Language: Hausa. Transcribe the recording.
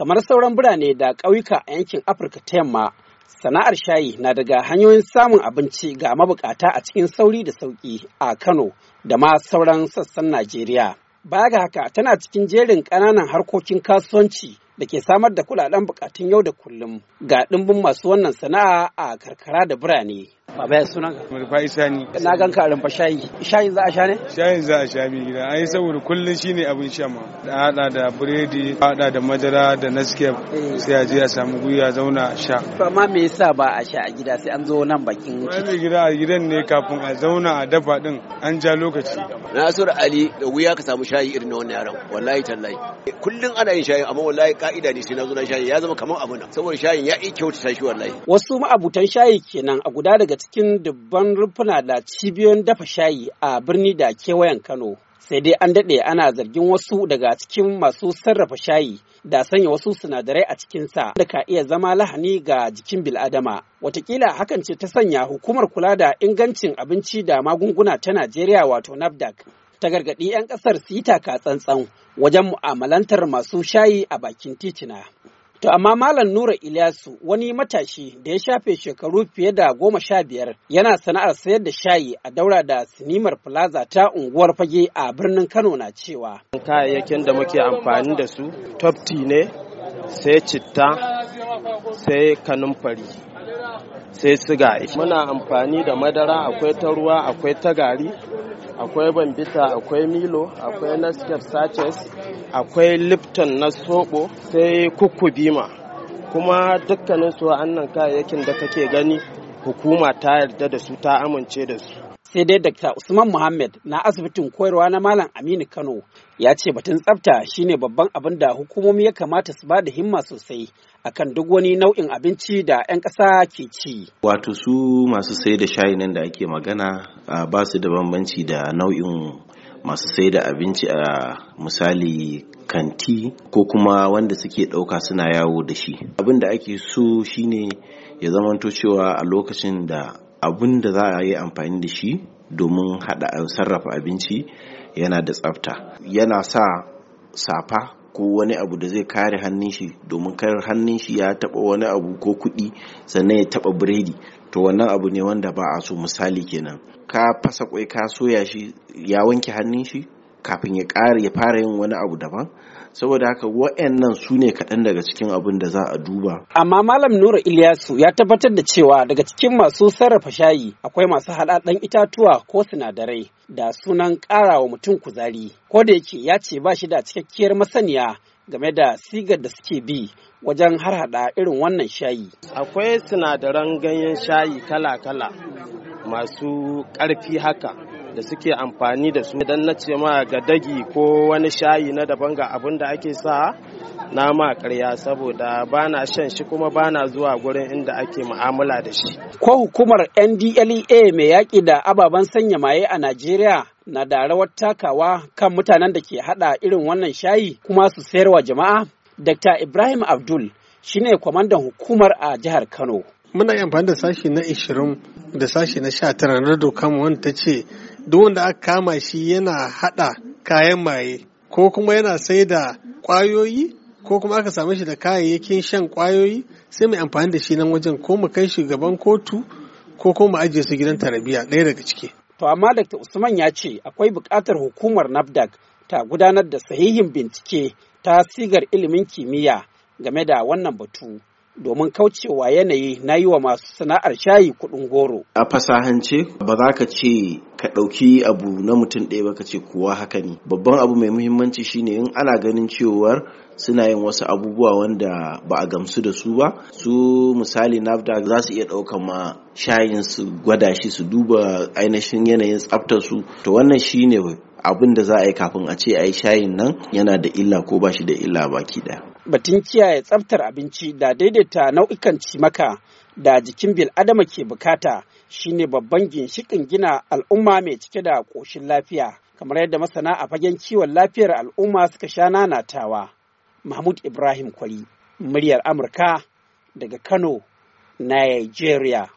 Kamar sauran birane da ƙauyuka a yankin Afirka ta yamma, sana'ar shayi na daga hanyoyin samun abinci ga mabukata a cikin sauri da sauƙi a Kano da ma sauran sassan Najeriya. Baya ga haka tana cikin jerin ƙananan harkokin kasuwanci da ke samar da kulaɗen bukatun yau da kullum ga ɗimbin masu wannan sana'a a karkara da birane. Baba ya sunan ka? Murfa Isani. Na gan ka rumfa shayi. Shayin za a sha ne? Shayin za a sha mai gida. Ai saboda kullun shine abin sha ma. Da hada da biredi, hada da madara da naskef, eh. Sai a je a samu guya zauna a sha. To amma me yasa ba a sha a gida sai an zo nan bakin wuce. Mai gida a gidan ne kafin a zauna a dafa din an ja lokaci. Nasir Ali da wuya ka samu shayi irin na wannan yaron. Wallahi tallahi. Kullun ana yin shayi amma wallahi ka'ida ne sai na zo na shayi ya zama kamar abu na. Saboda shayin ya iya kyautata shi wallahi. Wasu ma'abutan shayi kenan a guda daga cikin dubban rufuna da cibiyoyin dafa shayi a birni da kewayen Kano. Sai dai an daɗe ana zargin wasu daga cikin masu sarrafa shayi da sanya wasu sinadarai a cikinsa da ka iya zama lahani ga jikin bil'adama. Watakila hakan ce ta sanya hukumar kula da ingancin abinci da magunguna ta Najeriya wato NAFDAC ta gargaɗi 'yan ƙasar su yi taka tsantsan wajen mu'amalantar masu shayi a bakin titina. To amma Malam Nura Ilyasu wani matashi da ya shafe shekaru fiye da goma sha biyar yana sana'ar sayar da shayi a daura da sinimar plaza ta unguwar fage a birnin Kano na cewa. Kayayyakin da muke amfani da su tofti ne, sai citta, sai kanumfari, sai siga. Muna amfani da madara akwai ta ruwa akwai ta gari. akwai bambita akwai milo akwai naskef sachets akwai lipton na sobo sai kukubima kuma dukkanin annan kayayyakin da kake gani hukuma ta yarda da su ta amince da su sai dai Dr. Usman Muhammad na asibitin koyarwa na Malam Aminu Kano ya ce batun tsafta shine babban abin da hukumomi ya kamata su ba da himma sosai akan duk wani nau'in abinci da 'yan ƙasa ke ci. Wato su masu sai da shayi nan da ake magana ba su da bambanci da nau'in masu sai da abinci a misali kanti ko kuma wanda suke ɗauka suna yawo da shi abin da ake so shine ya zamanto cewa a lokacin da abin da za a yi amfani da shi domin haɗa sarrafa abinci yana da tsafta yana sa safa ko wani abu da zai kare hannun shi domin kar hannun shi ya taba wani abu ko kuɗi sannan ya taba biredi to wannan abu ne wanda ba a so misali kenan ka fasa kwai ka soya shi ya wanke hannun shi kafin ya ƙara ya fara yin wani abu daban saboda haka wa'annan su ne kaɗan daga cikin abin da za a duba. Amma Malam Nura Ilyasu ya tabbatar da cewa daga cikin masu sarrafa shayi akwai masu haɗaɗɗen itatuwa ko sinadarai da sunan ƙara wa mutum kuzari. Ko da yake ya ce ba shi da cikakkiyar masaniya game da sigar da suke bi wajen harhaɗa irin wannan shayi. Akwai sinadaran ganyen shayi kala-kala masu ƙarfi haka. da suke amfani da su idan na ce ma ga dagi ko wani shayi na daban ga abin da ake sa na ma karya saboda ba na shan shi kuma ba na zuwa gurin inda ake mu'amala da shi. Ko hukumar NDLEA mai yaƙi da ababen sanya maye a Najeriya na da rawar takawa kan mutanen da ke hada irin wannan shayi kuma su sayarwa jama'a? Dr. Ibrahim Abdul shine kwamandan hukumar a jihar Kano. Muna amfani da sashi na 20 da sashi na 19 na dokan wanda ta ce duk wanda aka kama shi yana hada kayan maye ko kuma yana sai da kwayoyi ko kuma aka same shi da kayayyakin shan kwayoyi sai mai amfani da shi nan wajen ko mu kai shi gaban kotu ko kuma ajiye su gidan tarbiyya ɗaya daga ciki. To amma Dr. Usman ya ce akwai buƙatar hukumar NAFDAC ta gudanar da sahihin bincike ta sigar ilimin kimiyya game da wannan batu. domin kaucewa yanayi na yi wa masu sana'ar shayi kuɗin goro. A fasahance ba za ka ce ka ɗauki abu na mutum ɗaya ba ka ce kowa haka ne babban abu mai muhimmanci shine in ana ganin cewar suna yin wasu abubuwa wanda ba a gamsu da su ba su misali nafda za su iya ɗaukan ma shayin su gwada shi su duba ainihin yanayin tsaftar su to wannan shine abin da za a yi kafin a ce a yi shayin nan yana da illa ko ba shi da illa baki ɗaya batun kiyaye tsaftar abinci da daidaita nau'ikan cimaka da jikin bil'adama ke bukata shine babban ginshikin gina al'umma mai cike da ƙoshin lafiya kamar yadda masana a fagen kiwon lafiyar al'umma suka sha nanatawa mahmud ibrahim kwari muryar amurka daga kano nigeria